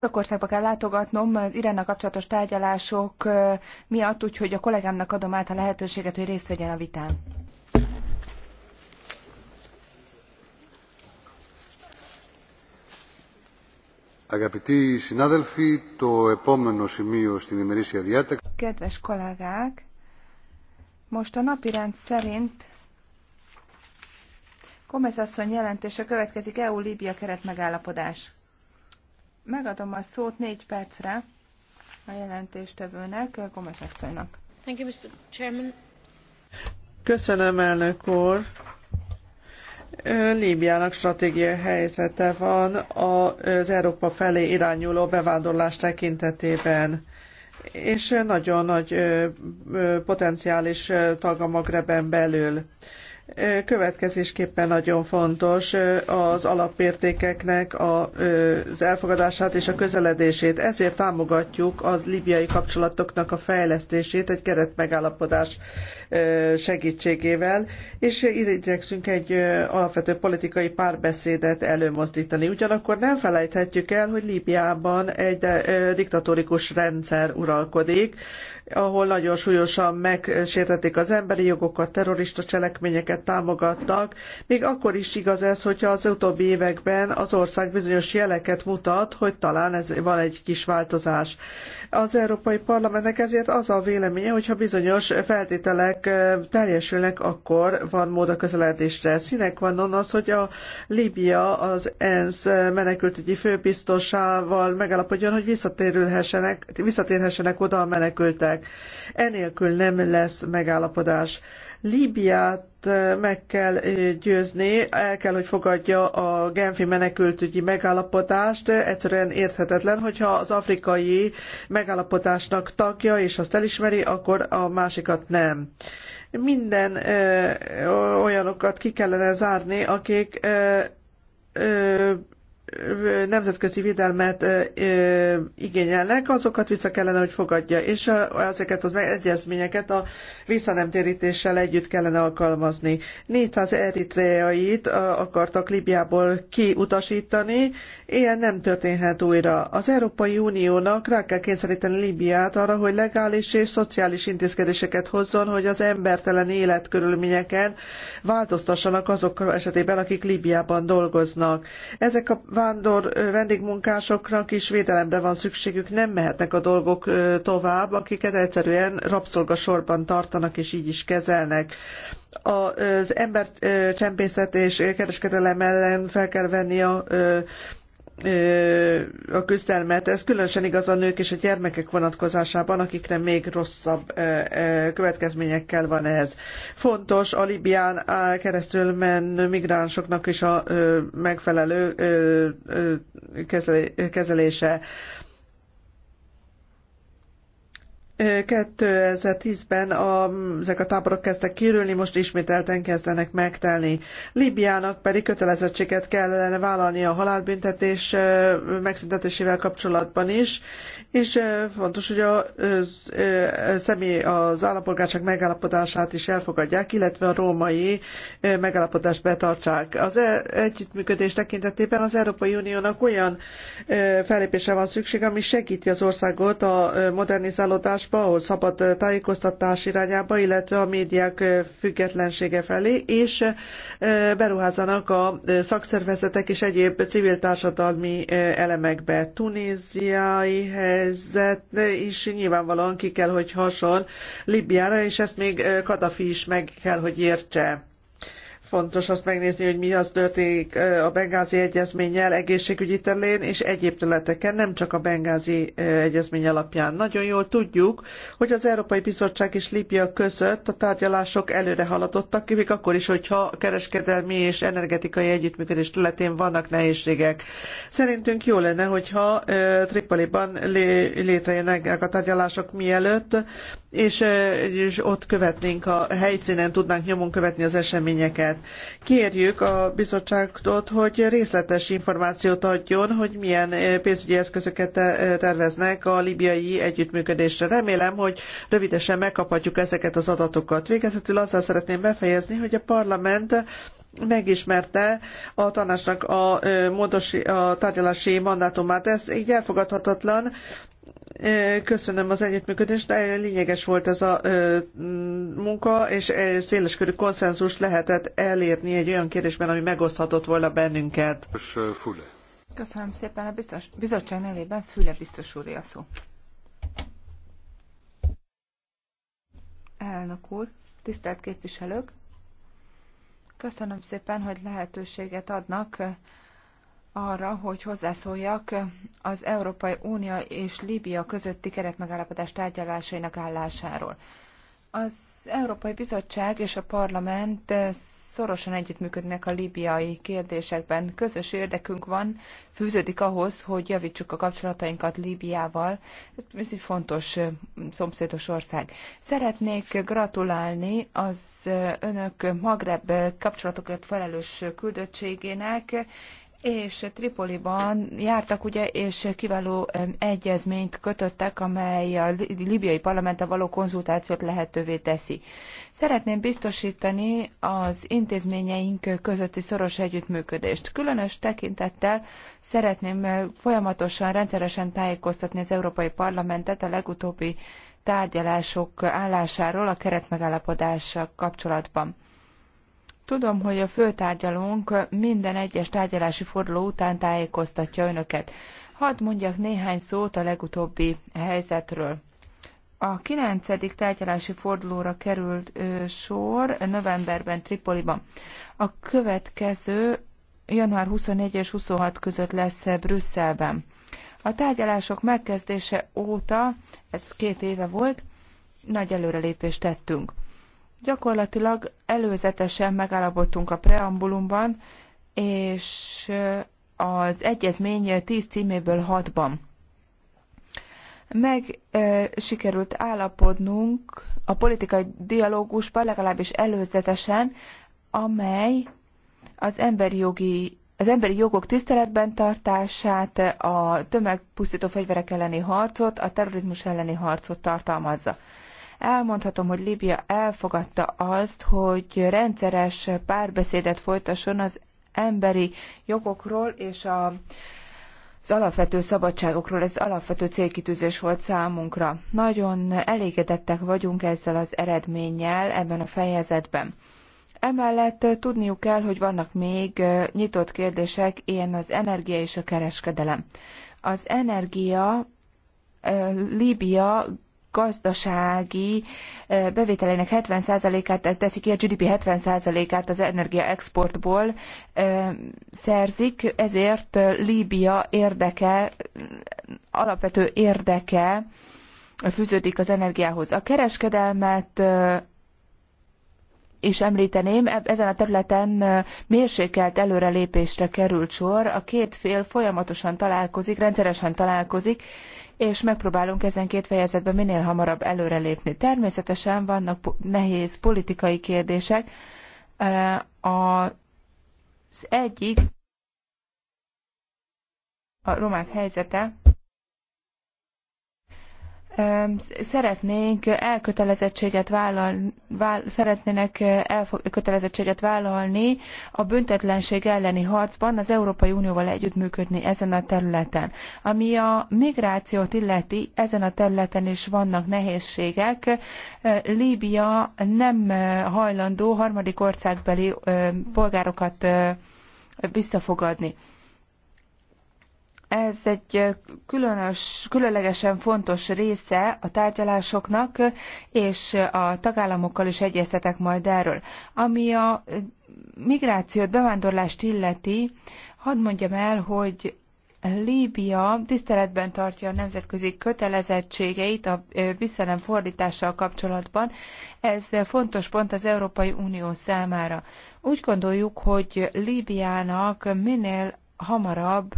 Törökországba kell látogatnom az Iránnal kapcsolatos tárgyalások miatt, úgyhogy a kollégámnak adom át a lehetőséget, hogy részt vegyen a vitán. Αγαπητοί συνάδελφοι, το επόμενο σημείο στην ημερήσια διάταξη... Kedves kollégák, most a napirend szerint Gomez jelentése következik EU-Líbia megállapodás. Megadom a szót négy percre a jelentéstevőnek, Gomes asszonynak. Thank you, Mr. Chairman. Köszönöm, elnök úr. Líbiának stratégiai helyzete van az Európa felé irányuló bevándorlás tekintetében és nagyon nagy potenciális tag a Magreben belül következésképpen nagyon fontos az alapértékeknek az elfogadását és a közeledését. Ezért támogatjuk az libiai kapcsolatoknak a fejlesztését egy keretmegállapodás segítségével, és igyekszünk egy alapvető politikai párbeszédet előmozdítani. Ugyanakkor nem felejthetjük el, hogy Líbiában egy diktatórikus rendszer uralkodik, ahol nagyon súlyosan megsértették az emberi jogokat, terrorista cselekményeket támogattak. Még akkor is igaz ez, hogyha az utóbbi években az ország bizonyos jeleket mutat, hogy talán ez van egy kis változás. Az Európai Parlamentnek ezért az a véleménye, hogyha bizonyos feltételek teljesülnek, akkor van mód a közeledésre. Színek van az, hogy a Líbia az ENSZ menekültügyi főbiztosával megállapodjon, hogy visszatérhessenek oda a menekültek. Enélkül nem lesz megállapodás. Líbiát eh, meg kell eh, győzni, el kell, hogy fogadja a Genfi menekültügyi megállapodást. Egyszerűen érthetetlen, hogyha az afrikai megállapodásnak tagja, és azt elismeri, akkor a másikat nem minden ö, eh, olyanokat ki kellene zárni, akik ö, ö, nemzetközi védelmet igényelnek, azokat vissza kellene, hogy fogadja, és ezeket az egyezményeket a visszanemtérítéssel együtt kellene alkalmazni. 400 eritreait akartak Libiából kiutasítani, Ilyen nem történhet újra. Az Európai Uniónak rá kell kényszeríteni Libiát arra, hogy legális és szociális intézkedéseket hozzon, hogy az embertelen életkörülményeken változtassanak azok esetében, akik Libiában dolgoznak. Ezek a vándor vendégmunkásoknak is védelemre van szükségük, nem mehetnek a dolgok tovább, akiket egyszerűen rabszolgasorban tartanak és így is kezelnek az embercsempészet és kereskedelem ellen fel kell venni a a küzdelmet. Ez különösen igaz a nők és a gyermekek vonatkozásában, akikre még rosszabb következményekkel van ez. Fontos a Libyán keresztül menő migránsoknak is a megfelelő kezelése. 2010-ben a, ezek a táborok kezdtek kirülni, most ismételten kezdenek megtelni. Líbiának pedig kötelezettséget kellene vállalni a halálbüntetés megszüntetésével kapcsolatban is, és fontos, hogy a, személy az állampolgárság megállapodását is elfogadják, illetve a római megállapodást betartsák. Az együttműködés tekintetében az Európai Uniónak olyan fellépése van szükség, ami segíti az országot a modernizálódás tanácsba, ahol szabad tájékoztatás irányába, illetve a médiák függetlensége felé, és beruházanak a szakszervezetek és egyéb civil társadalmi elemekbe. Tunéziai helyzet is nyilvánvalóan ki kell, hogy hason Libyára, és ezt még Kadafi is meg kell, hogy értse Fontos azt megnézni, hogy mi az történik a Bengázi Egyezménnyel egészségügyi terén és egyéb területeken, nem csak a Bengázi Egyezmény alapján. Nagyon jól tudjuk, hogy az Európai Bizottság és Líbia között a tárgyalások előre haladottak, még akkor is, hogyha kereskedelmi és energetikai együttműködés területén vannak nehézségek. Szerintünk jó lenne, hogyha Tripoliban létrejönnek a tárgyalások mielőtt, és, és ott követnénk a helyszínen, tudnánk nyomon követni az eseményeket. Kérjük a bizottságtól, hogy részletes információt adjon, hogy milyen eh, pénzügyi eszközöket eh, terveznek a libiai együttműködésre. Remélem, hogy rövidesen megkaphatjuk ezeket az adatokat. Végezetül azzal szeretném befejezni, hogy a parlament megismerte a tanácsnak a, eh, módosi, a tárgyalási mandátumát. Ez így elfogadhatatlan, Köszönöm az együttműködést, lényeges volt ez a munka, és széleskörű konszenzus lehetett elérni egy olyan kérdésben, ami megoszthatott volna bennünket. Füle. Köszönöm szépen, a biztos, bizottság nevében Füle biztos úr a szó. Elnök úr, tisztelt képviselők! Köszönöm szépen, hogy lehetőséget adnak arra, hogy hozzászóljak az Európai Unió és Líbia közötti keretmegállapodás tárgyalásainak állásáról. Az Európai Bizottság és a Parlament szorosan együttműködnek a líbiai kérdésekben. Közös érdekünk van, fűződik ahhoz, hogy javítsuk a kapcsolatainkat Líbiával. Ez egy fontos szomszédos ország. Szeretnék gratulálni az önök Magreb kapcsolatokért felelős küldöttségének és Tripoliban jártak, ugye, és kiváló egyezményt kötöttek, amely a libiai parlamenttel való konzultációt lehetővé teszi. Szeretném biztosítani az intézményeink közötti szoros együttműködést. Különös tekintettel szeretném folyamatosan, rendszeresen tájékoztatni az Európai Parlamentet a legutóbbi tárgyalások állásáról a keretmegállapodással kapcsolatban. Tudom, hogy a főtárgyalónk minden egyes tárgyalási forduló után tájékoztatja önöket. Hadd mondjak néhány szót a legutóbbi helyzetről. A kilencedik tárgyalási fordulóra került ö, sor novemberben Tripoliban. A következő január 24 és 26 között lesz Brüsszelben. A tárgyalások megkezdése óta, ez két éve volt, nagy előrelépést tettünk. Gyakorlatilag előzetesen megállapodtunk a preambulumban, és az egyezmény 10 címéből 6-ban. Meg e, sikerült állapodnunk a politikai dialógusban, legalábbis előzetesen, amely az emberi jogi az emberi jogok tiszteletben tartását, a tömegpusztító fegyverek elleni harcot, a terrorizmus elleni harcot tartalmazza. Elmondhatom, hogy Líbia elfogadta azt, hogy rendszeres párbeszédet folytasson az emberi jogokról és a, az alapvető szabadságokról. Ez alapvető célkitűzés volt számunkra. Nagyon elégedettek vagyunk ezzel az eredménnyel ebben a fejezetben. Emellett tudniuk kell, hogy vannak még nyitott kérdések, ilyen az energia és a kereskedelem. Az energia Líbia gazdasági bevételének 70%-át teszik ki, a GDP 70%-át az energiaexportból szerzik, ezért Líbia érdeke, alapvető érdeke fűződik az energiához. A kereskedelmet és említeném, ezen a területen mérsékelt előrelépésre került sor. A két fél folyamatosan találkozik, rendszeresen találkozik, és megpróbálunk ezen két fejezetben minél hamarabb előrelépni. Természetesen vannak nehéz politikai kérdések. Az egyik a romák helyzete, szeretnénk elkötelezettséget vállalni, váll, szeretnének eh, elkötelezettséget vállalni a büntetlenség elleni harcban az Európai Unióval együttműködni ezen a területen. Ami a migrációt illeti, ezen a területen is vannak nehézségek. Eh, Líbia nem eh, hajlandó harmadik országbeli polgárokat visszafogadni. Ez egy különös, különlegesen fontos része a tárgyalásoknak, és a tagállamokkal is egyeztetek majd erről. Ami a migrációt, bevándorlást illeti, hadd mondjam el, hogy Líbia tiszteletben tartja a nemzetközi kötelezettségeit a visszanem fordítással kapcsolatban. Ez fontos pont az Európai Unió számára. Úgy gondoljuk, hogy Líbiának minél hamarabb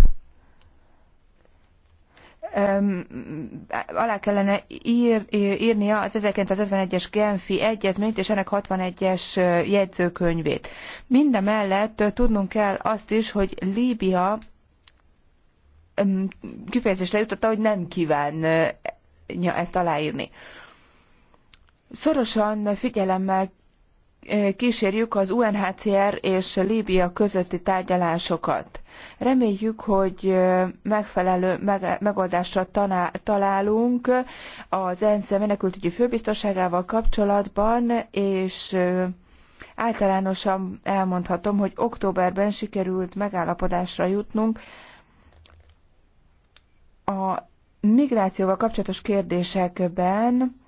alá kellene ír, írnia az 1951-es Genfi egyezményt és ennek 61-es jegyzőkönyvét. Mindemellett tudnunk kell azt is, hogy Líbia kifejezésre jutotta, hogy nem kívánja ezt aláírni. Szorosan figyelemmel kísérjük az UNHCR és Líbia közötti tárgyalásokat. Reméljük, hogy megfelelő megoldásra találunk az ENSZ menekültügyi főbiztosságával kapcsolatban, és általánosan elmondhatom, hogy októberben sikerült megállapodásra jutnunk a migrációval kapcsolatos kérdésekben,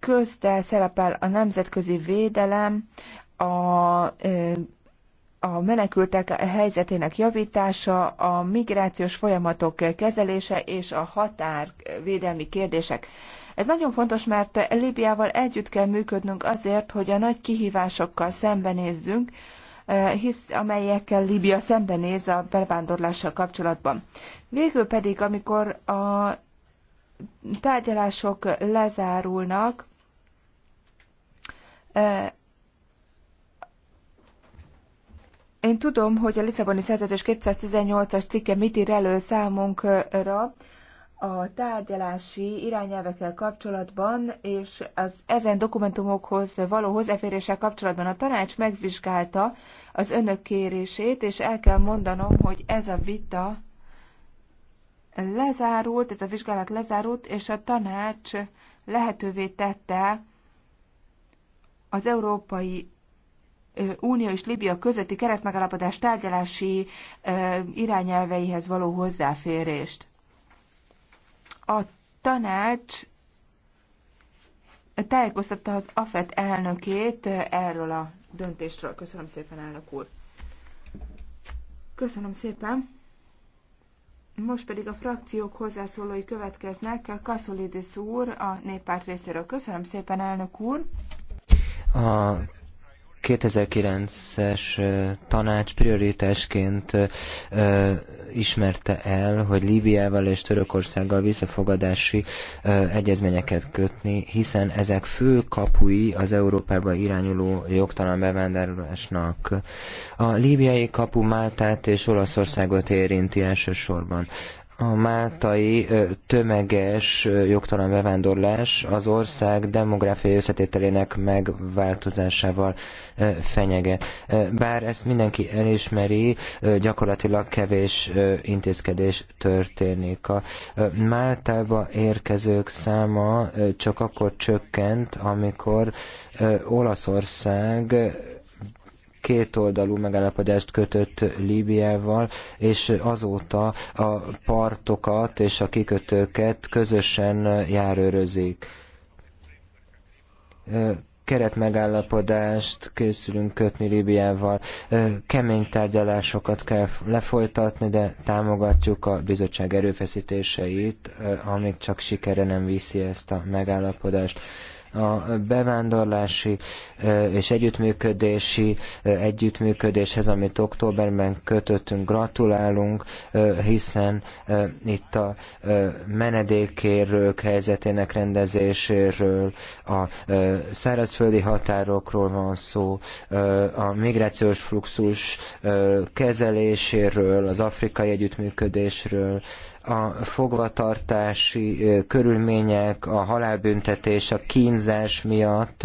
közte szerepel a nemzetközi védelem, a, a menekültek helyzetének javítása, a migrációs folyamatok kezelése és a határvédelmi kérdések. Ez nagyon fontos, mert Líbiával együtt kell működnünk azért, hogy a nagy kihívásokkal szembenézzünk, hisz, amelyekkel Líbia szembenéz a bevándorlással kapcsolatban. Végül pedig, amikor a tárgyalások lezárulnak, én tudom, hogy a Lisszaboni szerződés 218-as cikke mit ír elő számunkra a tárgyalási irányelvekkel kapcsolatban, és az ezen dokumentumokhoz való hozzáféréssel kapcsolatban a tanács megvizsgálta az önök kérését, és el kell mondanom, hogy ez a vita lezárult, ez a vizsgálat lezárult, és a tanács lehetővé tette az Európai Unió és Libia közötti keretmegalapodás tárgyalási irányelveihez való hozzáférést. A tanács tájékoztatta az AFET elnökét erről a döntésről. Köszönöm szépen, elnök úr. Köszönöm szépen. Most pedig a frakciók hozzászólói következnek. Kaszolidis úr a néppárt részéről. Köszönöm szépen, elnök úr! A 2009-es tanács prioritásként ismerte el, hogy Líbiával és Törökországgal visszafogadási egyezményeket kötni, hiszen ezek fő kapui az Európába irányuló jogtalan bevándorlásnak. A líbiai kapu Máltát és Olaszországot érinti elsősorban a máltai tömeges jogtalan bevándorlás az ország demográfiai összetételének megváltozásával fenyege. Bár ezt mindenki elismeri, gyakorlatilag kevés intézkedés történik. A Máltába érkezők száma csak akkor csökkent, amikor Olaszország kétoldalú megállapodást kötött Líbiával, és azóta a partokat és a kikötőket közösen járőrözik keretmegállapodást készülünk kötni Líbiával, kemény tárgyalásokat kell lefolytatni, de támogatjuk a bizottság erőfeszítéseit, amíg csak sikere nem viszi ezt a megállapodást a bevándorlási és együttműködési együttműködéshez, amit októberben kötöttünk, gratulálunk, hiszen itt a menedékérők helyzetének rendezéséről, a szárazföldi határokról van szó, a migrációs fluxus kezeléséről, az afrikai együttműködésről, a fogvatartási körülmények, a halálbüntetés, a kínzás miatt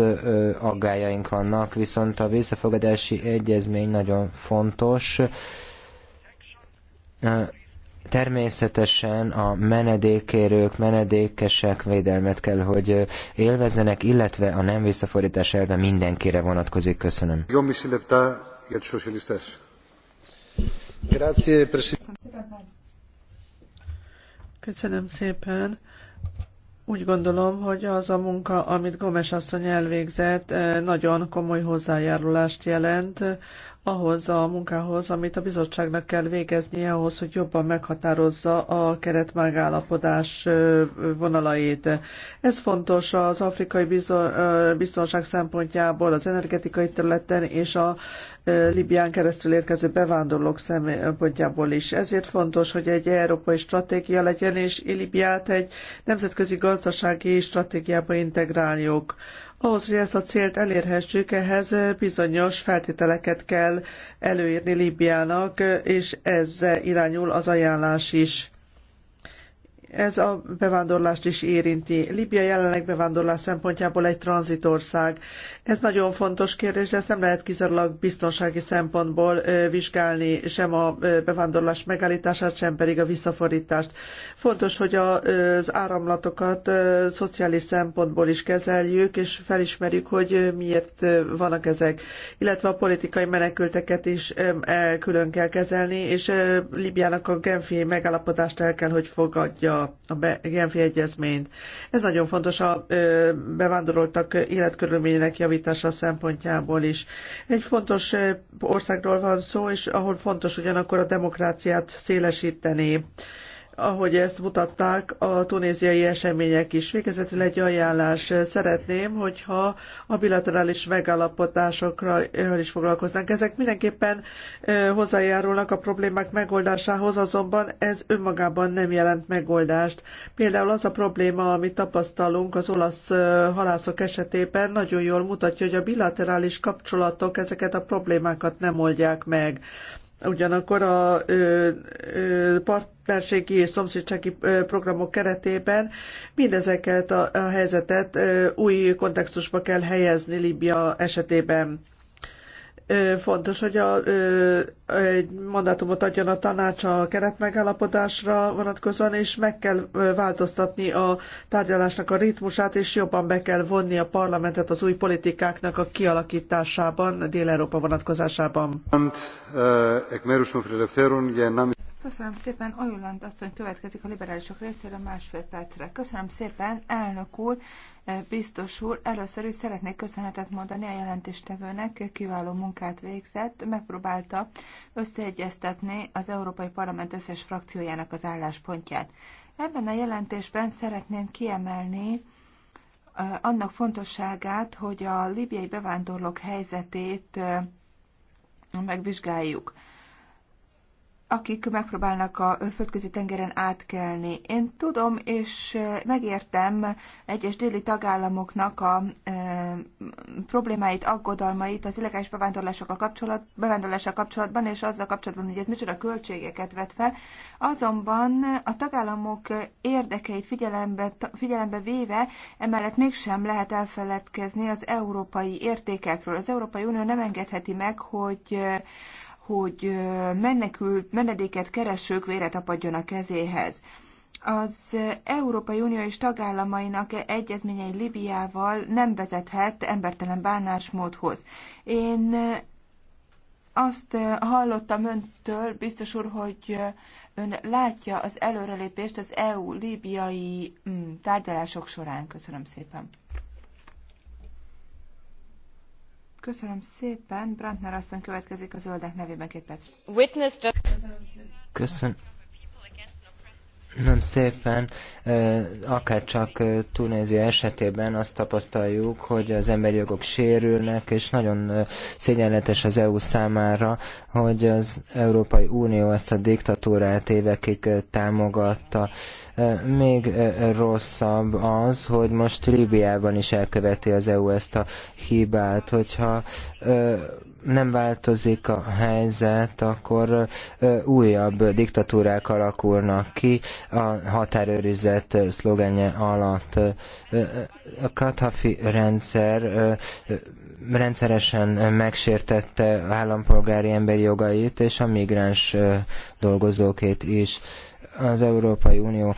aggájaink vannak, viszont a visszafogadási egyezmény nagyon fontos. Természetesen a menedékérők, menedékesek védelmet kell, hogy élvezzenek, illetve a nem visszafordítás elve mindenkire vonatkozik. Köszönöm. Jó, Grazie, Köszönöm szépen. Úgy gondolom, hogy az a munka, amit Gomes asszony elvégzett, eh, nagyon komoly hozzájárulást jelent ahhoz a munkához, amit a bizottságnak kell végeznie ahhoz, hogy jobban meghatározza a megállapodás vonalait. Ez fontos az afrikai biztonság szempontjából, az energetikai területen és a Libyán keresztül érkező bevándorlók szempontjából is. Ezért fontos, hogy egy európai stratégia legyen, és Libyát egy nemzetközi gazdasági stratégiába integráljuk. Ahhoz, hogy ezt a célt elérhessük, ehhez bizonyos feltételeket kell előírni Líbiának, és ezre irányul az ajánlás is. Ez a bevándorlást is érinti. Libia jelenleg bevándorlás szempontjából egy tranzitország. Ez nagyon fontos kérdés, de ezt nem lehet kizárólag biztonsági szempontból vizsgálni, sem a bevándorlás megállítását, sem pedig a visszafordítást. Fontos, hogy az áramlatokat szociális szempontból is kezeljük, és felismerjük, hogy miért vannak ezek, illetve a politikai menekülteket is külön kell kezelni, és Libyának a Genfi megállapodást el kell, hogy fogadja a, Genfi Egyezményt. Ez nagyon fontos a bevándoroltak életkörülményének javítása szempontjából is. Egy fontos országról van szó, és ahol fontos ugyanakkor a demokráciát szélesíteni ahogy ezt mutatták a tunéziai események is. Végezetül egy ajánlás. Szeretném, hogyha a bilaterális megállapodásokra eh, is foglalkoznánk. Ezek mindenképpen eh, hozzájárulnak a problémák megoldásához, azonban ez önmagában nem jelent megoldást. Például az a probléma, amit tapasztalunk az olasz eh, halászok esetében, nagyon jól mutatja, hogy a bilaterális kapcsolatok ezeket a problémákat nem oldják meg Ugyanakkor a ö, ö, partnerségi és szomszédsági programok keretében mindezeket a, a helyzetet ö, új kontextusba kell helyezni Líbia esetében fontos, hogy a, egy mandátumot adjon a tanács a keretmegállapodásra vonatkozóan, és meg kell változtatni a tárgyalásnak a ritmusát, és jobban be kell vonni a parlamentet az új politikáknak a kialakításában, Dél-Európa vonatkozásában. Köszönöm szépen, ajuland, asszony következik a liberálisok részéről másfél percre. Köszönöm szépen, elnök úr. Biztos úr, először is szeretnék köszönetet mondani a jelentéstevőnek, kiváló munkát végzett, megpróbálta összeegyeztetni az Európai Parlament összes frakciójának az álláspontját. Ebben a jelentésben szeretném kiemelni annak fontosságát, hogy a libiai bevándorlók helyzetét megvizsgáljuk akik megpróbálnak a földközi tengeren átkelni. Én tudom és megértem egyes déli tagállamoknak a e, problémáit, aggodalmait az illegális bevándorlásokkal kapcsolat, bevándorlással kapcsolatban, és azzal kapcsolatban, hogy ez micsoda költségeket vet fel. Azonban a tagállamok érdekeit figyelembe, figyelembe véve, emellett mégsem lehet elfeledkezni az európai értékekről. Az Európai Unió nem engedheti meg, hogy hogy menekül, menedéket keresők véret apadjon a kezéhez. Az Európai Unió és tagállamainak egyezményei Libiával nem vezethet embertelen bánásmódhoz. Én azt hallottam öntől, biztos úr, hogy ön látja az előrelépést az eu libiai mm, tárgyalások során. Köszönöm szépen. Köszönöm szépen. Brandner asszony következik a zöldek nevében két perc. Köszönöm. Nem szépen, akár csak Tunézia esetében azt tapasztaljuk, hogy az emberi jogok sérülnek, és nagyon szégyenletes az EU számára, hogy az Európai Unió ezt a diktatúrát évekig támogatta. Még rosszabb az, hogy most Líbiában is elköveti az EU ezt a hibát, hogyha nem változik a helyzet, akkor újabb diktatúrák alakulnak ki a határőrizet szlogenje alatt. A Kadhafi rendszer rendszeresen megsértette állampolgári emberi jogait és a migráns dolgozókét is az Európai Unió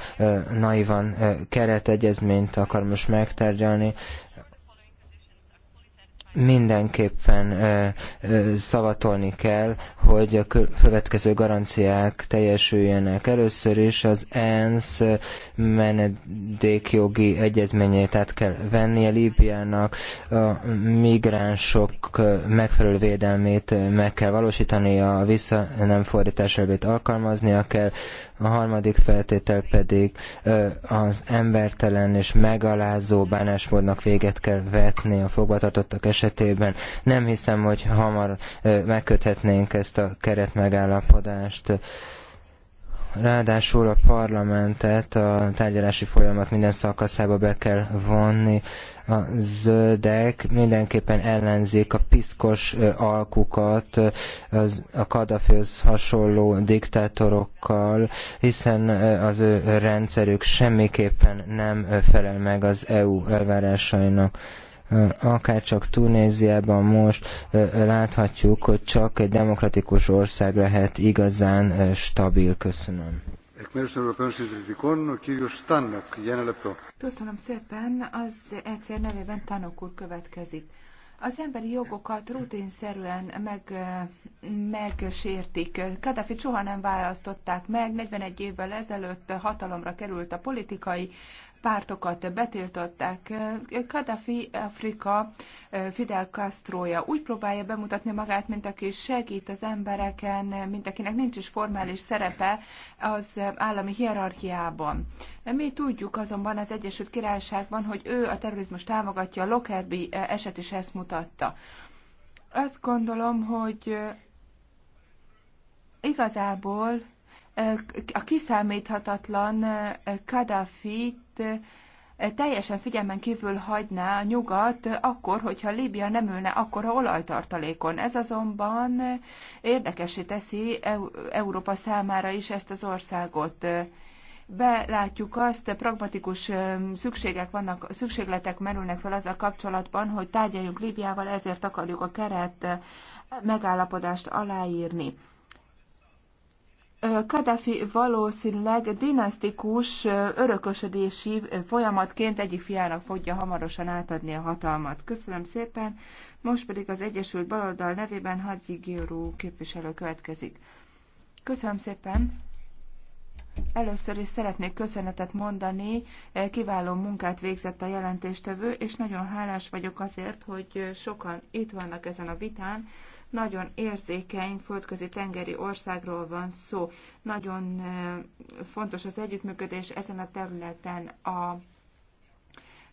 naivan keretegyezményt akar most megtárgyalni, mindenképpen ö, ö, szavatolni kell, hogy a következő garanciák teljesüljenek. Először is az ENSZ menedékjogi egyezményét át kell vennie Líbiának, a migránsok megfelelő védelmét meg kell valósítani, a vissza nem fordítás elvét alkalmaznia kell, a harmadik feltétel pedig az embertelen és megalázó bánásmódnak véget kell vetni a fogvatartottak esetében. Nem hiszem, hogy hamar megköthetnénk ezt a keretmegállapodást. megállapodást Ráadásul a parlamentet a tárgyalási folyamat minden szakaszába be kell vonni. A zöldek mindenképpen ellenzik a piszkos alkukat az, a Kadafőz hasonló diktátorokkal, hiszen az ő rendszerük semmiképpen nem felel meg az EU elvárásainak akár csak Tunéziában most láthatjuk, hogy csak egy demokratikus ország lehet igazán stabil. Köszönöm. Köszönöm szépen. Az egyszer nevében Tanok úr következik. Az emberi jogokat rutinszerűen meg, megsértik. Kadhafi soha nem választották meg, 41 évvel ezelőtt hatalomra került a politikai pártokat betiltották. Kadhafi Afrika eh, Fidel Castroja úgy próbálja bemutatni magát, mint aki segít az embereken, mint akinek nincs is formális szerepe az állami hierarchiában. Mi tudjuk azonban az Egyesült Királyságban, hogy ő a terrorizmus támogatja, a Lockerbie eh, eset is ezt mutatta. Azt gondolom, hogy eh, igazából a kiszámíthatatlan Kadhafit Eh, teljesen figyelmen kívül hagyná a nyugat akkor, hogyha Líbia nem ülne akkora olajtartalékon. Ez azonban érdekesé teszi Európa számára is ezt az országot belátjuk azt, pragmatikus eh, szükségek vannak, szükségletek merülnek fel az a kapcsolatban, hogy tárgyaljunk Líbiával, ezért akarjuk a keret megállapodást aláírni. Kadhafi valószínűleg dinasztikus örökösödési folyamatként egyik fiának fogja hamarosan átadni a hatalmat. Köszönöm szépen, most pedig az Egyesült Baloldal nevében Hadji Giorú képviselő következik. Köszönöm szépen! Először is szeretnék köszönetet mondani, eh, kiváló munkát végzett a jelentéstevő, és nagyon hálás vagyok azért, hogy eh, sokan itt vannak ezen a vitán. Nagyon érzékeny földközi tengeri országról van szó. Nagyon eh, fontos az együttműködés ezen a területen a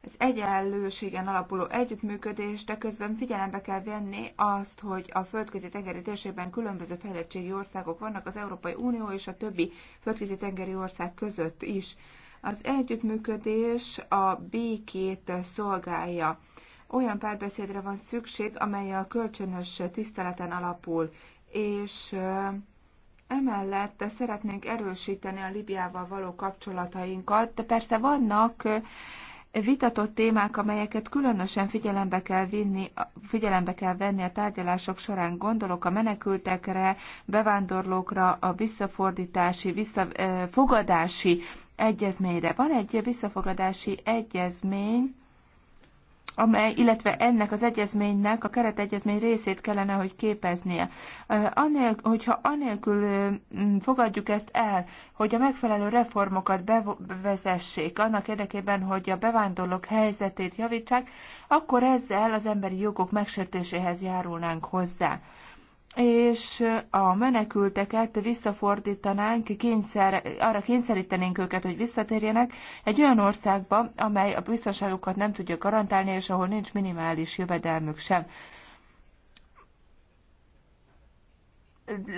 az egyenlőségen alapuló együttműködés, de közben figyelembe kell venni azt, hogy a földközi tengeri térségben különböző fejlettségi országok vannak az Európai Unió és a többi földközi tengeri ország között is. Az együttműködés a békét szolgálja. Olyan párbeszédre van szükség, amely a kölcsönös tiszteleten alapul, és Emellett szeretnénk erősíteni a Libiával való kapcsolatainkat, de persze vannak vitatott témák, amelyeket különösen figyelembe kell, vinni, figyelembe kell venni a tárgyalások során. Gondolok a menekültekre, bevándorlókra, a visszafordítási, visszafogadási egyezményre. Van egy visszafogadási egyezmény, amely, illetve ennek az egyezménynek, a keretegyezmény részét kellene, hogy képeznie. Anél, hogyha anélkül fogadjuk ezt el, hogy a megfelelő reformokat bevezessék annak érdekében, hogy a bevándorlók helyzetét javítsák, akkor ezzel az emberi jogok megsértéséhez járulnánk hozzá és a menekülteket visszafordítanánk, kényszer, arra kényszerítenénk őket, hogy visszatérjenek egy olyan országba, amely a biztonságukat nem tudja garantálni, és ahol nincs minimális jövedelmük sem.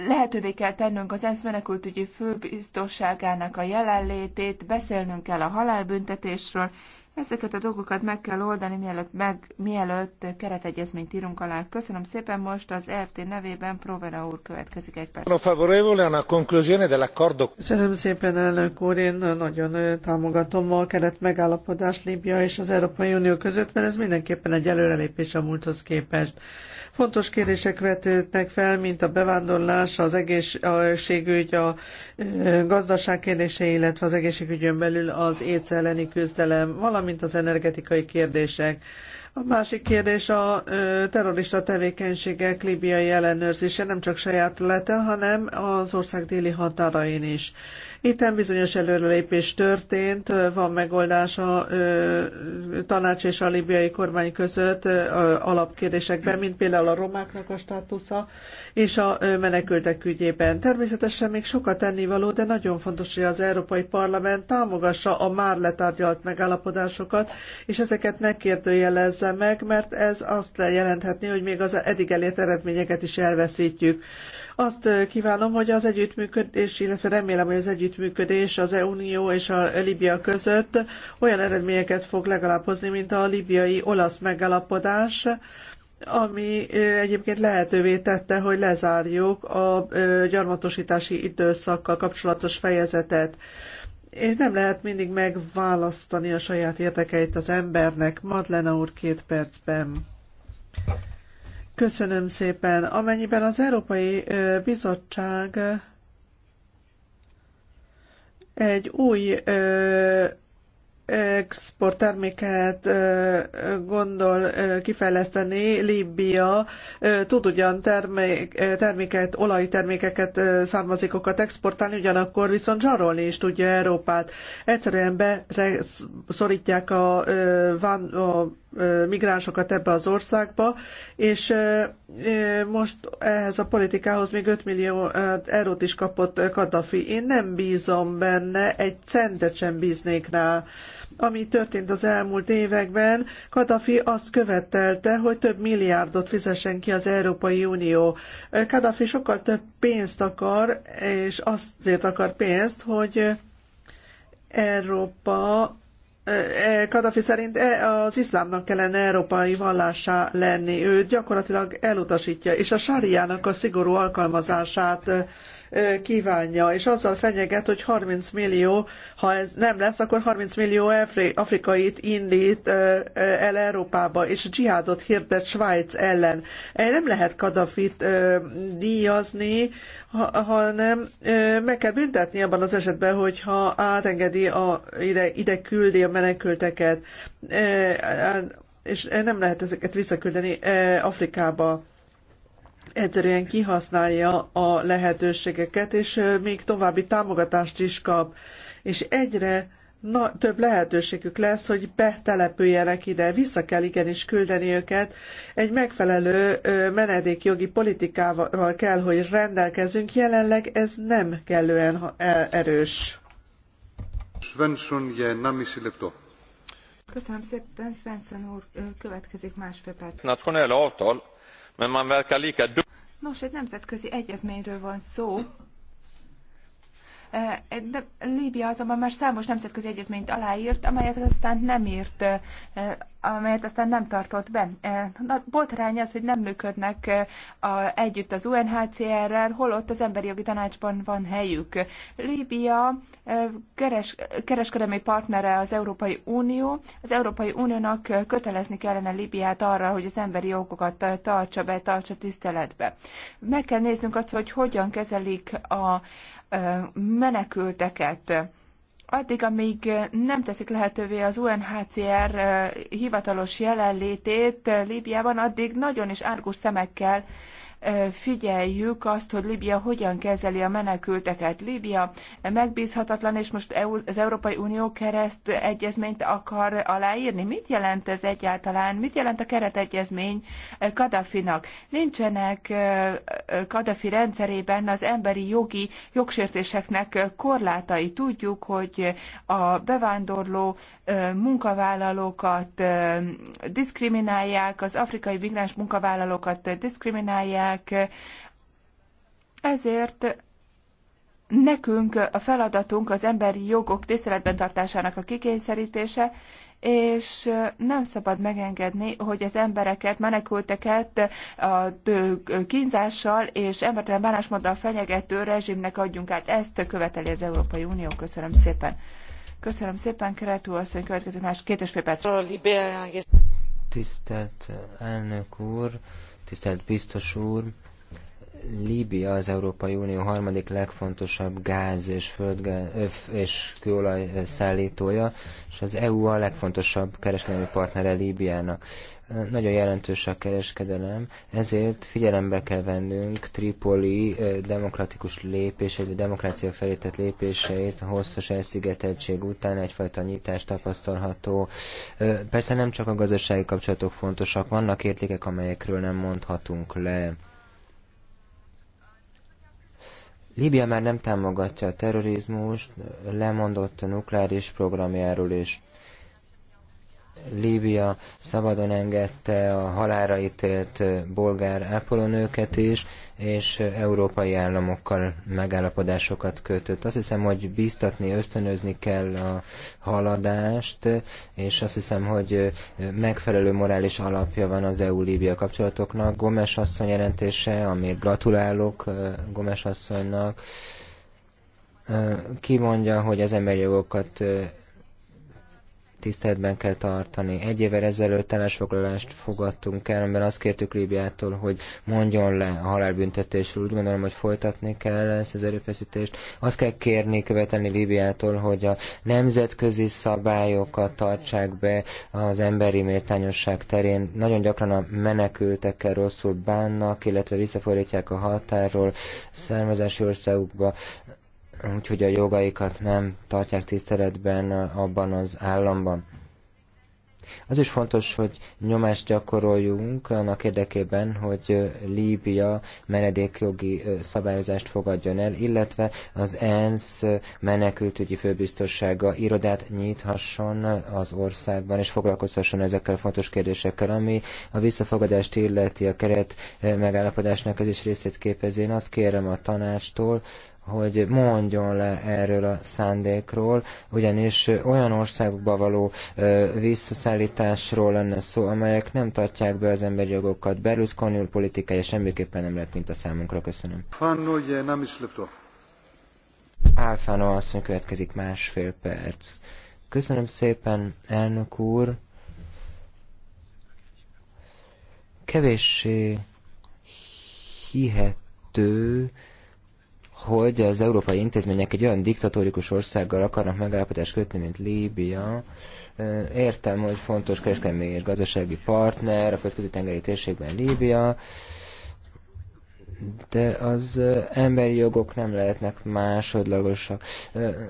lehetővé kell tennünk az ENSZ menekültügyi főbiztosságának a jelenlétét, beszélnünk kell a halálbüntetésről, Ezeket a dolgokat meg kell oldani, mielőtt, meg, mielőtt keretegyezményt írunk alá. Köszönöm szépen, most az EFT nevében Provera úr következik egy perc. Köszönöm szépen, elnök úr, én nagyon támogatom a keret megállapodást Líbia és az Európai Unió között, mert ez mindenképpen egy előrelépés a múlthoz képest. Fontos kérdések vetődnek fel, mint a bevándorlás, az egészségügy, a gazdaság kérdése, illetve az egészségügyön belül az éjsz elleni küzdelem, Valami mint az energetikai kérdések. A másik kérdés a terrorista tevékenységek libiai ellenőrzése nem csak saját területen, hanem az ország déli határain is. Itten bizonyos előrelépés történt, van megoldás a tanács és a libiai kormány között alapkérdésekben, mint például a romáknak a státusza és a menekültek ügyében. Természetesen még sokat tennivaló, de nagyon fontos, hogy az Európai Parlament támogassa a már letárgyalt megállapodásokat, és ezeket ne kérdőjelezze tesse meg, mert ez azt jelenthetné, hogy még az eddig elért eredményeket is elveszítjük. Azt kívánom, hogy az együttműködés, illetve remélem, hogy az együttműködés az Unió és a Libia között olyan eredményeket fog legalább hozni, mint a libiai olasz megalapodás, ami egyébként lehetővé tette, hogy lezárjuk a gyarmatosítási időszakkal kapcsolatos fejezetet és nem lehet mindig megválasztani a saját érdekeit az embernek. Madlena úr két percben. Köszönöm szépen. Amennyiben az Európai Bizottság egy új exportterméket gondol kifejleszteni, Líbia tud ugyan termék, terméket, olajtermékeket, származékokat exportálni, ugyanakkor viszont zsarolni is tudja Európát. Egyszerűen beszorítják a, a migránsokat ebbe az országba, és most ehhez a politikához még 5 millió eurót is kapott Kaddafi. Én nem bízom benne, egy centet sem bíznék rá ami történt az elmúlt években, Kadhafi azt követelte, hogy több milliárdot fizessen ki az Európai Unió. Kadhafi sokkal több pénzt akar, és azért akar pénzt, hogy Európa E, Kadafi szerint e, az iszlámnak kellene európai vallássá lenni. Ő gyakorlatilag elutasítja, és a sáriának a szigorú alkalmazását kívánja, és azzal fenyeget, hogy 30 millió, ha ez nem lesz, akkor 30 millió afrikait indít el Európába, és dzsihádot hirdet Svájc ellen. Nem lehet Kadafit díjazni, hanem meg kell büntetni abban az esetben, hogyha átengedi, a, ide, ide küldi a menekülteket, és nem lehet ezeket visszaküldeni Afrikába egyszerűen kihasználja a lehetőségeket, és még további támogatást is kap. És egyre na, több lehetőségük lesz, hogy betelepüljenek ide. Vissza kell igenis küldeni őket. Egy megfelelő menedékjogi politikával kell, hogy rendelkezünk. Jelenleg ez nem kellően e, erős. Svensson, je, nem Köszönöm szépen, Svensson úr. Következik másfél perc. Nationella avtal Nos, egy nemzetközi egyezményről van szó, Líbia azonban már számos nemzetközi egyezményt aláírt, amelyet aztán nem írt, amelyet aztán nem tartott be. A botrány az, hogy nem működnek a, együtt az UNHCR-rel, holott az Emberi Jogi Tanácsban van helyük. Líbia keres, kereskedelmi partnere az Európai Unió. Az Európai Uniónak kötelezni kellene Líbiát arra, hogy az emberi jogokat tartsa be, tartsa tiszteletbe. Meg kell néznünk azt, hogy hogyan kezelik a, menekülteket. Addig, amíg nem teszik lehetővé az UNHCR hivatalos jelenlétét Líbiában, addig nagyon is árgus szemekkel figyeljük azt, hogy Líbia hogyan kezeli a menekülteket. Líbia megbízhatatlan, és most az Európai Unió kereszt egyezményt akar aláírni. Mit jelent ez egyáltalán? Mit jelent a keretegyezmény Kadafinak? Nincsenek Kadafi rendszerében az emberi jogi jogsértéseknek korlátai. Tudjuk, hogy a bevándorló munkavállalókat diszkriminálják, az afrikai migráns munkavállalókat diszkriminálják, ezért nekünk a feladatunk az emberi jogok tiszteletben tartásának a kikényszerítése, és nem szabad megengedni, hogy az embereket, menekülteket a kínzással és embertelen bánásmóddal fenyegető rezsimnek adjunk át. Ezt követeli az Európai Unió. Köszönöm szépen. Köszönöm szépen, Keretú asszony, következik más két és fél perc. Tisztelt eh, elnök úr, tisztelt biztos úr, Líbia az Európai Unió harmadik legfontosabb gáz és, földgáz, és kőolaj szállítója, és az EU a legfontosabb kereskedelmi partnere Líbiának. Nagyon jelentős a kereskedelem, ezért figyelembe kell vennünk Tripoli demokratikus lépéseit, vagy demokrácia felé tett lépéseit a hosszas elszigeteltség után egyfajta nyitást tapasztalható. Persze nem csak a gazdasági kapcsolatok fontosak, vannak értékek, amelyekről nem mondhatunk le. Líbia már nem támogatja a terrorizmust, lemondott a nukleáris programjáról és Líbia szabadon engedte a halára ítélt bolgár ápolónőket is, és európai államokkal megállapodásokat kötött. Azt hiszem, hogy bíztatni, ösztönözni kell a haladást, és azt hiszem, hogy megfelelő morális alapja van az EU-Líbia kapcsolatoknak. Gomes asszony jelentése, amit gratulálok Gomes asszonynak, kimondja, hogy az emberi jogokat tiszteletben kell tartani. Egy évvel ezelőtt állásfoglalást fogadtunk el, amiben azt kértük Líbiától, hogy mondjon le a halálbüntetésről. Úgy gondolom, hogy folytatni kell ezt az erőfeszítést. Azt kell kérni, követelni Líbiától, hogy a nemzetközi szabályokat tartsák be az emberi méltányosság terén. Nagyon gyakran a menekültekkel rosszul bánnak, illetve visszafordítják a határól származási országukba úgy, hogy a jogaikat nem tartják tiszteletben abban az államban. Az is fontos, hogy nyomást gyakoroljunk annak érdekében, hogy Líbia menedékjogi szabályozást fogadjon el, illetve az ENSZ menekültügyi főbiztossága irodát nyithasson az országban, és foglalkozhasson ezekkel a fontos kérdésekkel, ami a visszafogadást illeti a keret megállapodásnak ez is részét képezi. azt kérem a tanástól, hogy mondjon le erről a szándékról, ugyanis olyan országokba való visszaszállításról lenne szó, amelyek nem tartják be az emberi jogokat. Berlusconi úr politikája semmiképpen nem lett mint a számunkra. Köszönöm. Álfánó asszony következik másfél perc. Köszönöm szépen, elnök úr. Kevéssé hihető, hogy az európai intézmények egy olyan diktatórikus országgal akarnak megállapodást kötni, mint Líbia. Értem, hogy fontos kereskedelmi és gazdasági partner a földközi tengeri térségben Líbia, de az emberi jogok nem lehetnek másodlagosak.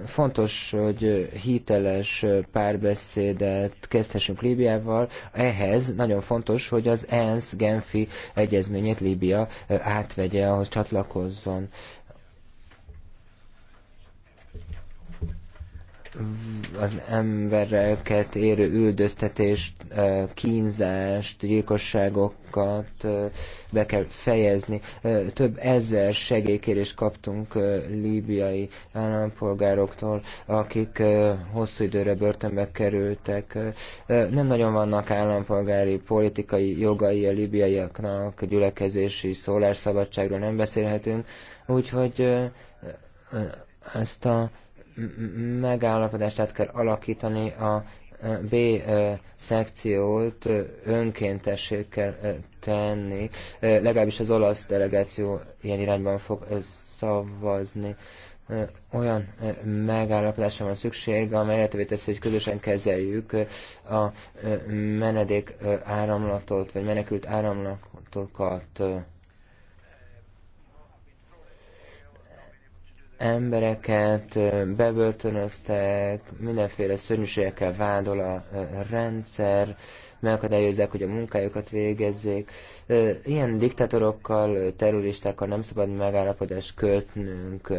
Fontos, hogy hiteles párbeszédet kezdhessünk Líbiával. Ehhez nagyon fontos, hogy az ENSZ Genfi egyezményét Líbia átvegye, ahhoz csatlakozzon. az embereket érő üldöztetést, kínzást, gyilkosságokat be kell fejezni. Több ezer segélykérést kaptunk líbiai állampolgároktól, akik hosszú időre börtönbe kerültek. Nem nagyon vannak állampolgári politikai jogai a líbiaiaknak, gyülekezési szólásszabadságról nem beszélhetünk, úgyhogy ezt a megállapodást kell alakítani a B szekciót önkéntességkel tenni, legalábbis az olasz delegáció ilyen irányban fog szavazni. Olyan megállapodásra van szükség, amely lehetővé teszi, hogy közösen kezeljük a menedék áramlatot, vagy menekült áramlatokat embereket bebörtönöztek, mindenféle szörnyűségekkel vádol a rendszer, megakadályozzák, hogy a munkájukat végezzék. Ilyen diktatorokkal, terroristákkal nem szabad megállapodást kötnünk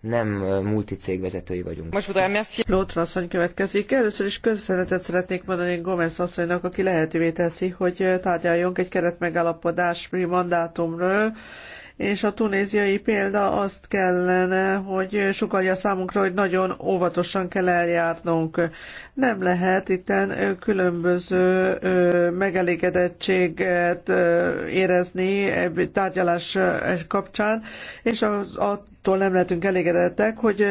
nem multicég vezetői vagyunk. Most Lótra asszony következik. Először is köszönetet szeretnék mondani Gomez asszonynak, aki lehetővé teszi, hogy tárgyaljunk egy keretmegállapodás mandátumról, és a tunéziai példa azt kellene, hogy sugalja számunkra, hogy nagyon óvatosan kell eljárnunk. Nem lehet itten különböző megelégedettséget érezni tárgyalás kapcsán, és az, a attól nem lehetünk elégedettek, hogy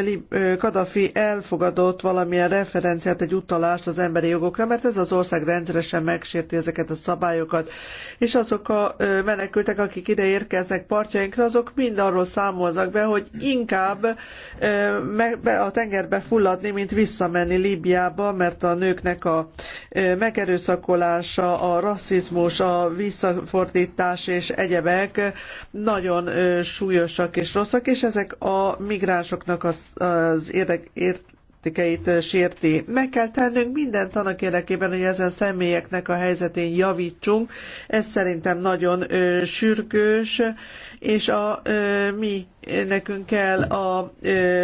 Kadafi elfogadott valamilyen referenciát, egy utalást az emberi jogokra, mert ez az ország rendszeresen megsérti ezeket a szabályokat. És azok a menekültek, akik ide érkeznek partjainkra, azok mind arról számolnak be, hogy inkább a tengerbe fulladni, mint visszamenni Líbiába, mert a nőknek a megerőszakolása, a rasszizmus, a visszafordítás és egyebek nagyon súlyosak és rosszak, és ezek ezek a migránsoknak az, az érdek, értékeit sérti. Meg kell tennünk mindent annak érdekében, hogy ezen személyeknek a helyzetén javítsunk. Ez szerintem nagyon ö, sürgős, és a ö, mi nekünk kell a,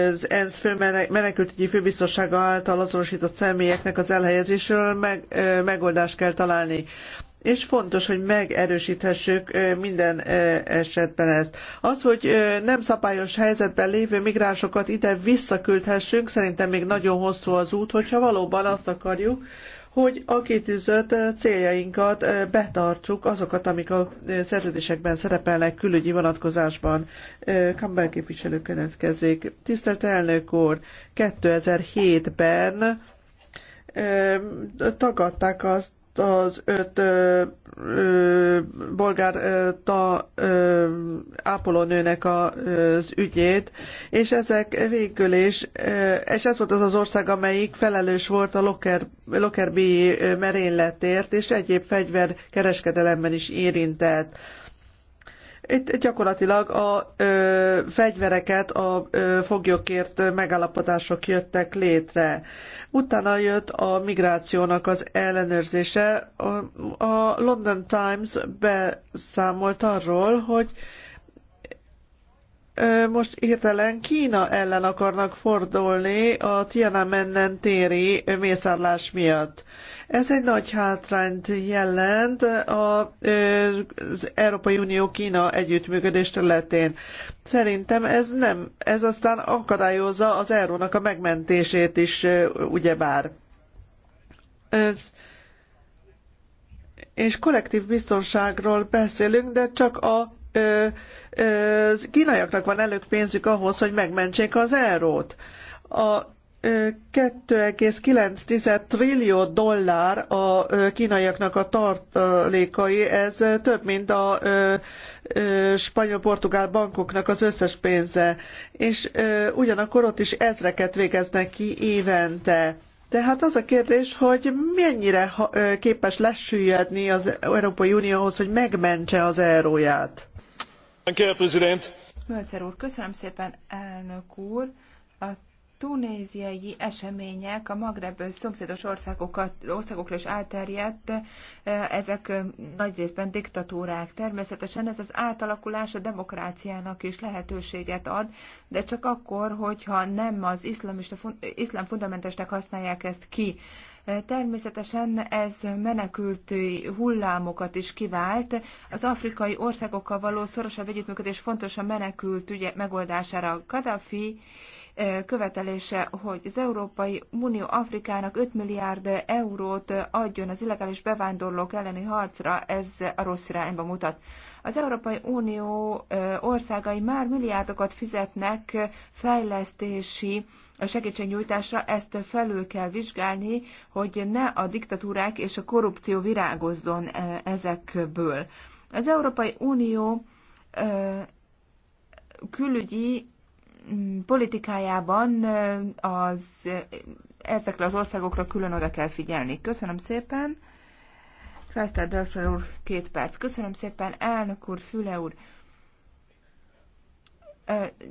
az ENSZ fő menekültügyi főbiztossága által azonosított személyeknek az elhelyezésről meg, ö, megoldást kell találni és fontos, hogy megerősíthessük minden esetben ezt. Az, hogy nem szabályos helyzetben lévő migránsokat ide visszaküldhessünk, szerintem még nagyon hosszú az út, hogyha valóban azt akarjuk, hogy a kitűzött céljainkat betartsuk, azokat, amik a szerződésekben szerepelnek külügyi vonatkozásban. Kambel képviselő következik. Tisztelt elnök úr, 2007-ben tagadták azt, az öt ö, ö, bolgár ö, ta, ö, ápolónőnek a, ö, az ügyét, és ezek végül is, ö, és ez volt az az ország, amelyik felelős volt a Locker, Lockerbie merényletért, és egyéb fegyverkereskedelemben is érintett itt gyakorlatilag a ö, fegyvereket a ö, foglyokért megállapodások jöttek létre. Utána jött a migrációnak az ellenőrzése. A, a London Times beszámolt arról, hogy ö, most hirtelen Kína ellen akarnak fordulni a Tiananmen téri mészárlás miatt. Ez egy nagy hátrányt jelent az Európai Unió-Kína együttműködés területén. Szerintem ez nem, ez aztán akadályozza az eurónak a megmentését is, ugyebár. Ez és kollektív biztonságról beszélünk, de csak a kínaiaknak van elők pénzük ahhoz, hogy megmentsék az eurót. A 2,9 trillió dollár a kínaiaknak a tartalékai, ez több, mint a spanyol-portugál bankoknak az összes pénze, és ugyanakkor ott is ezreket végeznek ki évente. Tehát az a kérdés, hogy mennyire képes lesüllyedni az Európai Unióhoz, hogy megmentse az euróját. Mölcer úr, köszönöm szépen, elnök úr. A tunéziai események a Magreb szomszédos országokat, országokra is elterjedt, ezek nagy részben diktatúrák. Természetesen ez az átalakulás a demokráciának is lehetőséget ad, de csak akkor, hogyha nem az iszlám fundamentesnek használják ezt ki. Természetesen ez menekült hullámokat is kivált. Az afrikai országokkal való szorosabb együttműködés fontos a menekült ügye megoldására. Gaddafi követelése, hogy az Európai Unió Afrikának 5 milliárd eurót adjon az illegális bevándorlók elleni harcra, ez a rossz irányba mutat. Az Európai Unió országai már milliárdokat fizetnek fejlesztési segítségnyújtásra, ezt felül kell vizsgálni, hogy ne a diktatúrák és a korrupció virágozzon ezekből. Az Európai Unió külügyi politikájában az, ezekre az országokra külön oda kell figyelni. Köszönöm szépen. Krasztár Dörfer úr, két perc. Köszönöm szépen, elnök úr, Füle úr.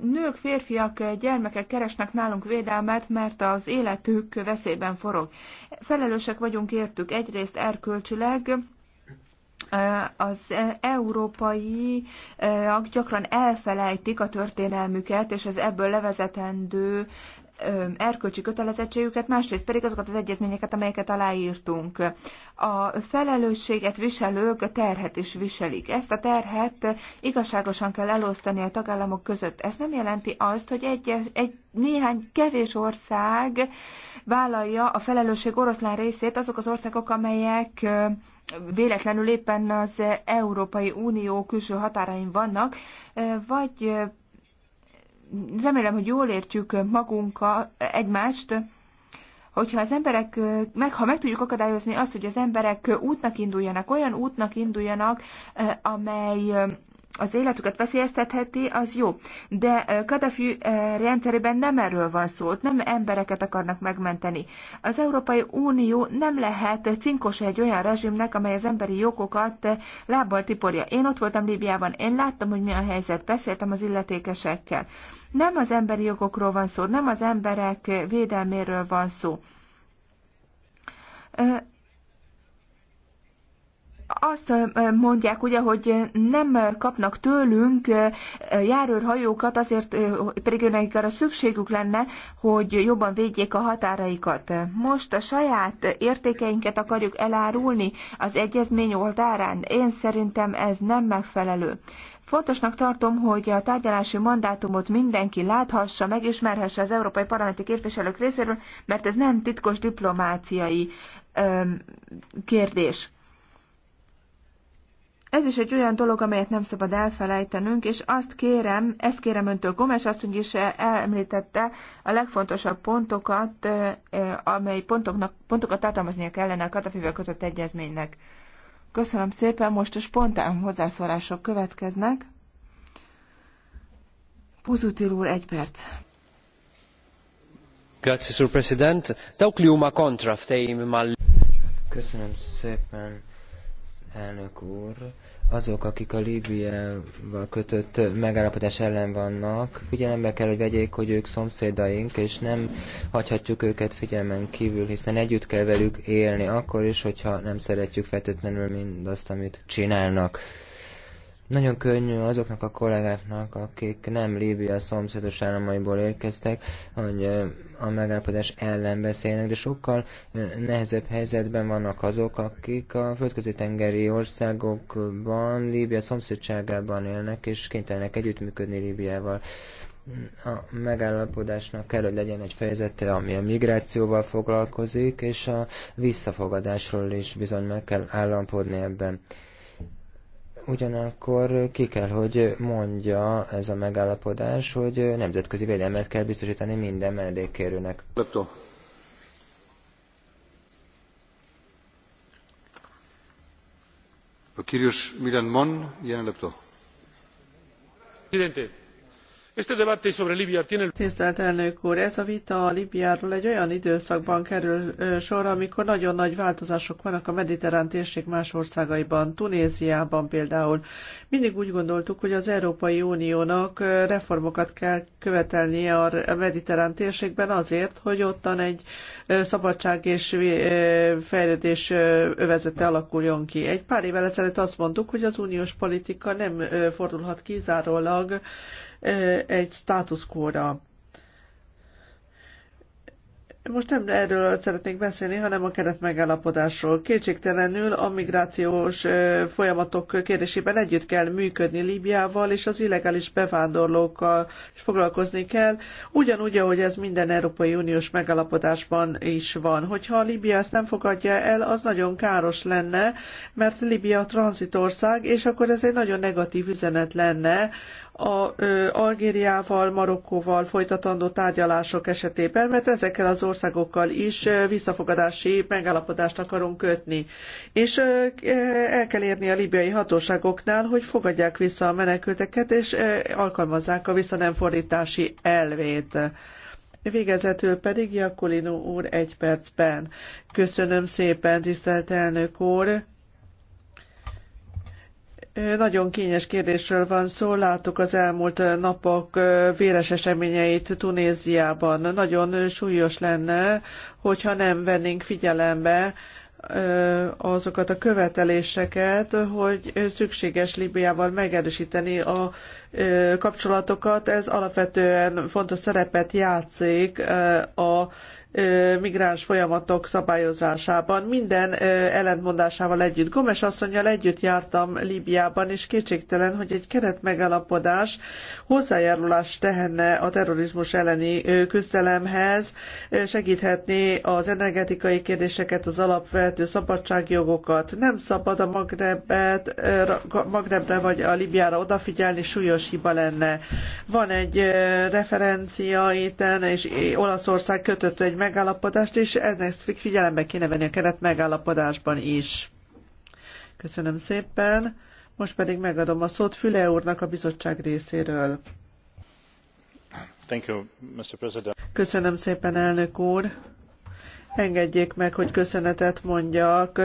Nők, férfiak, gyermekek keresnek nálunk védelmet, mert az életük veszélyben forog. Felelősek vagyunk értük egyrészt erkölcsileg, az európai gyakran elfelejtik a történelmüket és az ebből levezetendő erkölcsi kötelezettségüket, másrészt pedig azokat az egyezményeket, amelyeket aláírtunk. A felelősséget viselők a terhet is viselik. Ezt a terhet igazságosan kell elosztani a tagállamok között. Ez nem jelenti azt, hogy egy, egy néhány kevés ország vállalja a felelősség oroszlán részét azok az országok, amelyek véletlenül éppen az Európai Unió külső határain vannak, vagy remélem, hogy jól értjük magunkat, egymást, hogyha az emberek, meg, ha meg tudjuk akadályozni azt, hogy az emberek útnak induljanak, olyan útnak induljanak, eh, amely eh, az életüket veszélyeztetheti, az jó. De eh, Kadhafi rendszerében nem erről van szó, nem embereket akarnak megmenteni. Az Európai Unió nem lehet cinkos egy olyan rezsimnek, amely az emberi jogokat lábbal tiporja. Én ott voltam Líbiában, én láttam, hogy mi a helyzet, beszéltem az illetékesekkel. Nem az emberi jogokról van szó, nem az emberek védelméről van szó. Azt mondják ugye, hogy nem kapnak tőlünk járőrhajókat, azért pedig nekik arra szükségük lenne, hogy jobban védjék a határaikat. Most a saját értékeinket akarjuk elárulni az egyezmény oldalán. Én szerintem ez nem megfelelő. Fontosnak tartom, hogy a tárgyalási mandátumot mindenki láthassa, megismerhesse az európai parlamenti képviselők részéről, mert ez nem titkos diplomáciai öm, kérdés. Ez is egy olyan dolog, amelyet nem szabad elfelejtenünk, és azt kérem, ezt kérem öntől, Gomes asszony is említette a legfontosabb pontokat, amely pontoknak, pontokat tartalmaznia kellene a Katafivel kötött egyezménynek. Köszönöm szépen, most a spontán hozzászólások következnek. Puzutil úr, egy perc. Grazie, Sir President. Dawk li huma mal... Köszönöm szépen elnök úr. Azok, akik a Líbiával kötött megállapodás ellen vannak, figyelembe kell, hogy vegyék, hogy ők szomszédaink, és nem hagyhatjuk őket figyelmen kívül, hiszen együtt kell velük élni, akkor is, hogyha nem szeretjük feltétlenül mindazt, amit csinálnak. Nagyon könnyű azoknak a kollégáknak, akik nem Líbia szomszédos államaiból érkeztek, hogy a megállapodás ellen beszélnek, de sokkal nehezebb helyzetben vannak azok, akik a földközi-tengeri országokban, Líbia szomszédságában élnek, és kénytelenek együttműködni Líbiával a megállapodásnak kell, hogy legyen egy fejezete, ami a migrációval foglalkozik, és a visszafogadásról is bizony meg kell állapodni ebben. Ugyanakkor ki kell, hogy mondja ez a megállapodás, hogy nemzetközi védelmet kell biztosítani minden menedékkérőnek. Lepto. A kirjus Milan Mon, jelen Lepto. Presidente, Tisztelt elnök úr, ez a vita a lbiáról egy olyan időszakban kerül sor, amikor nagyon nagy változások vannak a mediterrán térség más országaiban, Tunéziában például. Mindig úgy gondoltuk, hogy az Európai Uniónak reformokat kell követelnie a mediterrán térségben azért, hogy ottan egy szabadság és fejlődés övezete alakuljon ki. Egy pár évvel ezelőtt azt mondtuk, hogy az uniós politika nem fordulhat kizárólag egy státuszkóra. Most nem erről szeretnék beszélni, hanem a keret megállapodásról. Kétségtelenül a migrációs folyamatok kérdésében együtt kell működni Líbiával, és az illegális bevándorlókkal is foglalkozni kell, ugyanúgy, ahogy ez minden Európai Uniós megállapodásban is van. Hogyha Líbia ezt nem fogadja el, az nagyon káros lenne, mert Líbia tranzitország, és akkor ez egy nagyon negatív üzenet lenne a Algériával, Marokkóval folytatandó tárgyalások esetében, mert ezekkel az országokkal is visszafogadási megállapodást akarunk kötni. És el kell érni a libiai hatóságoknál, hogy fogadják vissza a menekülteket, és alkalmazzák a visszanemfordítási elvét. Végezetül pedig Jakulino úr egy percben. Köszönöm szépen, tisztelt elnök úr! Nagyon kényes kérdésről van szó. Láttuk az elmúlt napok véres eseményeit Tunéziában. Nagyon súlyos lenne, hogyha nem vennénk figyelembe azokat a követeléseket, hogy szükséges Libiával megerősíteni a kapcsolatokat. Ez alapvetően fontos szerepet játszik a migráns folyamatok szabályozásában. Minden ellentmondásával együtt. Gomes asszonyjal együtt jártam Líbiában, és kétségtelen, hogy egy keretmegállapodás hozzájárulás tehenne a terrorizmus elleni küzdelemhez, segíthetné az energetikai kérdéseket, az alapvető szabadságjogokat. Nem szabad a Magrebet, Magrebre vagy a Libiára odafigyelni, súlyos hiba lenne. Van egy referencia itten, és Olaszország kötött egy megállapodást, és ezt figyelembe kéne venni a keret megállapodásban is. Köszönöm szépen. Most pedig megadom a szót Füle úrnak a bizottság részéről. Thank you, Mr. President. Köszönöm szépen, elnök úr. Engedjék meg, hogy köszönetet mondjak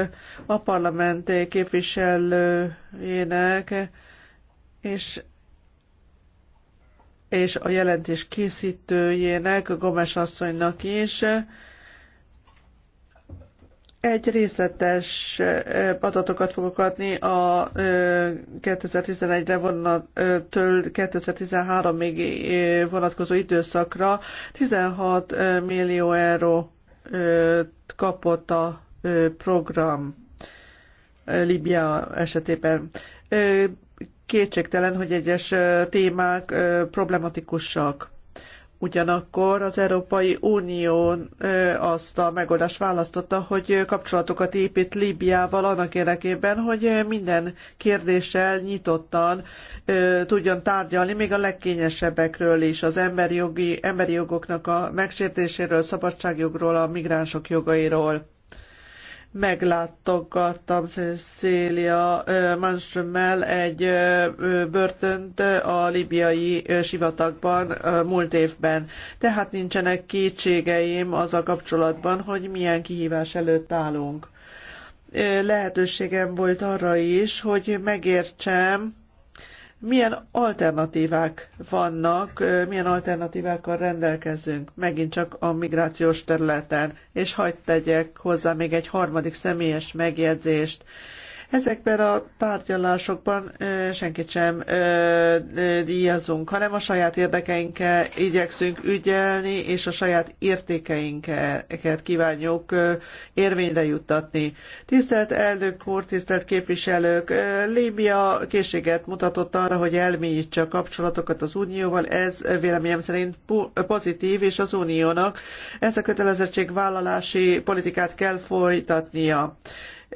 a parlament képviselőjének, és és a jelentés készítőjének, Gomes asszonynak is egy részletes adatokat fogok adni a 2011-re vonattől 2013-ig vonatkozó időszakra. 16 millió euró kapott a program Libia esetében kétségtelen, hogy egyes témák problematikusak. Ugyanakkor az Európai Unió azt a megoldást választotta, hogy kapcsolatokat épít Líbiával annak érdekében, hogy minden kérdéssel nyitottan tudjon tárgyalni, még a legkényesebbekről is, az emberi, jogi, emberi jogoknak a megsértéséről, szabadságjogról, a migránsok jogairól meglátogattam Célia Manströmmel egy börtönt a libiai sivatagban múlt évben. Tehát nincsenek kétségeim az a kapcsolatban, hogy milyen kihívás előtt állunk. Lehetőségem volt arra is, hogy megértsem, milyen alternatívák vannak, milyen alternatívákkal rendelkezünk, megint csak a migrációs területen, és hagyd tegyek hozzá még egy harmadik személyes megjegyzést. Ezekben a tárgyalásokban senkit sem díjazunk, hanem a saját érdekeinkkel igyekszünk ügyelni, és a saját értékeinket kívánjuk érvényre juttatni. Tisztelt elnök úr, tisztelt képviselők, Líbia készséget mutatott arra, hogy elmélyítse a kapcsolatokat az Unióval, ez véleményem szerint pozitív, és az Uniónak ezt a kötelezettségvállalási politikát kell folytatnia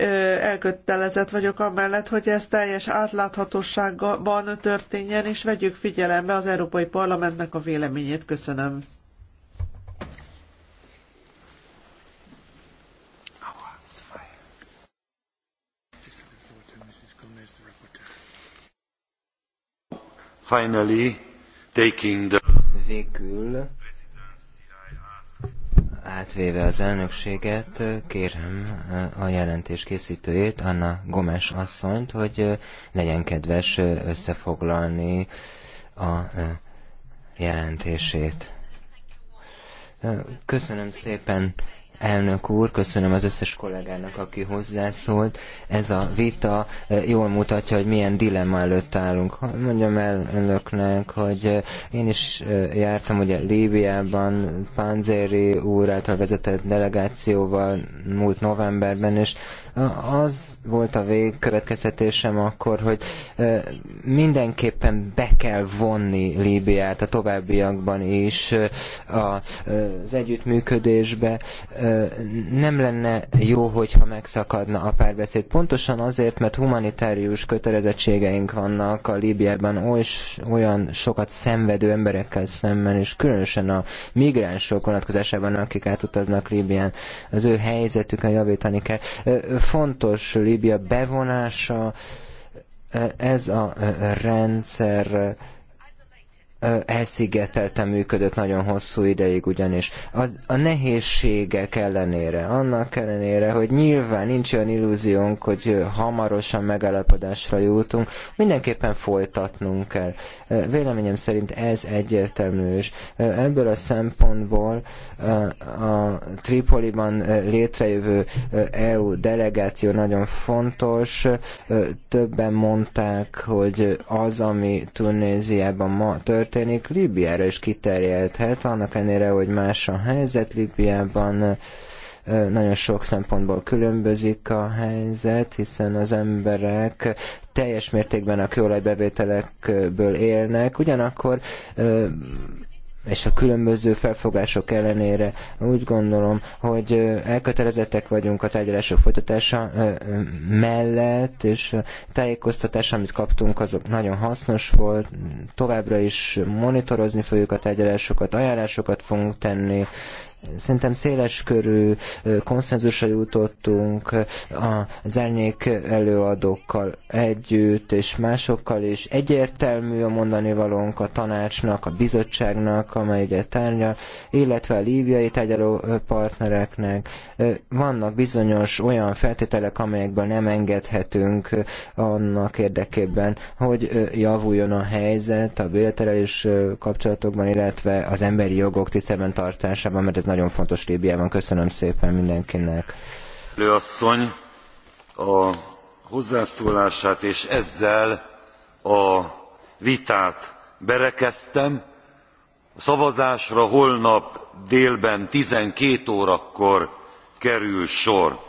elkötelezett vagyok amellett, hogy ez teljes átláthatóságban történjen, és vegyük figyelembe az Európai Parlamentnek a véleményét. Köszönöm. Finally, taking the... Végül Átvéve az elnökséget, kérem eh, a jelentés készítőjét, Anna Gomes asszonyt, hogy eh, legyen kedves eh, összefoglalni a jelentését. Köszönöm szépen, Elnök úr, köszönöm az összes kollégának, aki hozzászólt. Ez a vita eh, jól mutatja, hogy milyen dilemma előtt állunk. Mondjam el önöknek, hogy eh, én is eh, jártam ugye Líbiában, Panzeri úr által vezetett delegációval múlt novemberben, és az volt a végkövetkeztetésem akkor, hogy mindenképpen be kell vonni Líbiát a továbbiakban is az együttműködésbe nem lenne jó, hogyha megszakadna a párbeszéd. Pontosan azért, mert humanitárius kötelezettségeink vannak a Líbiában oly, olyan sokat szenvedő emberekkel szemben, és különösen a migránsok vonatkozásában, akik átutaznak Líbián, az ő helyzetükön javítani kell. Fontos Líbia bevonása, ez a rendszer elszigetelten működött nagyon hosszú ideig ugyanis. Az, a nehézségek ellenére, annak ellenére, hogy nyilván nincs olyan illúziónk, hogy hamarosan megállapodásra jutunk, mindenképpen folytatnunk kell. Véleményem szerint ez egyértelmű is. Ebből a szempontból a Tripoliban létrejövő EU delegáció nagyon fontos. Többen mondták, hogy az, ami Tunéziában ma történik, történik, Líbiára is kiterjedhet, annak ellenére, hogy más a helyzet Líbiában, nagyon sok szempontból különbözik a helyzet, hiszen az emberek teljes mértékben a kőolajbevételekből élnek, ugyanakkor és a különböző felfogások ellenére úgy gondolom, hogy elkötelezettek vagyunk a tárgyalások folytatása mellett, és a tájékoztatás, amit kaptunk, azok nagyon hasznos volt. Továbbra is monitorozni fogjuk a tárgyalásokat, ajánlásokat fogunk tenni, Szerintem körű konszenzusra jutottunk az elnék előadókkal együtt, és másokkal is. Egyértelmű a mondani valónk a tanácsnak, a bizottságnak, amely ugye tárgyal, illetve a líbiai tárgyaló partnereknek. Vannak bizonyos olyan feltételek, amelyekből nem engedhetünk annak érdekében, hogy javuljon a helyzet a bilaterális kapcsolatokban, illetve az emberi jogok tisztelben tartásában, mert ez nagyon fontos Líbiában. Köszönöm szépen mindenkinek. Lőasszony, a hozzászólását és ezzel a vitát berekeztem. A szavazásra holnap délben twelve órakor kerül sor.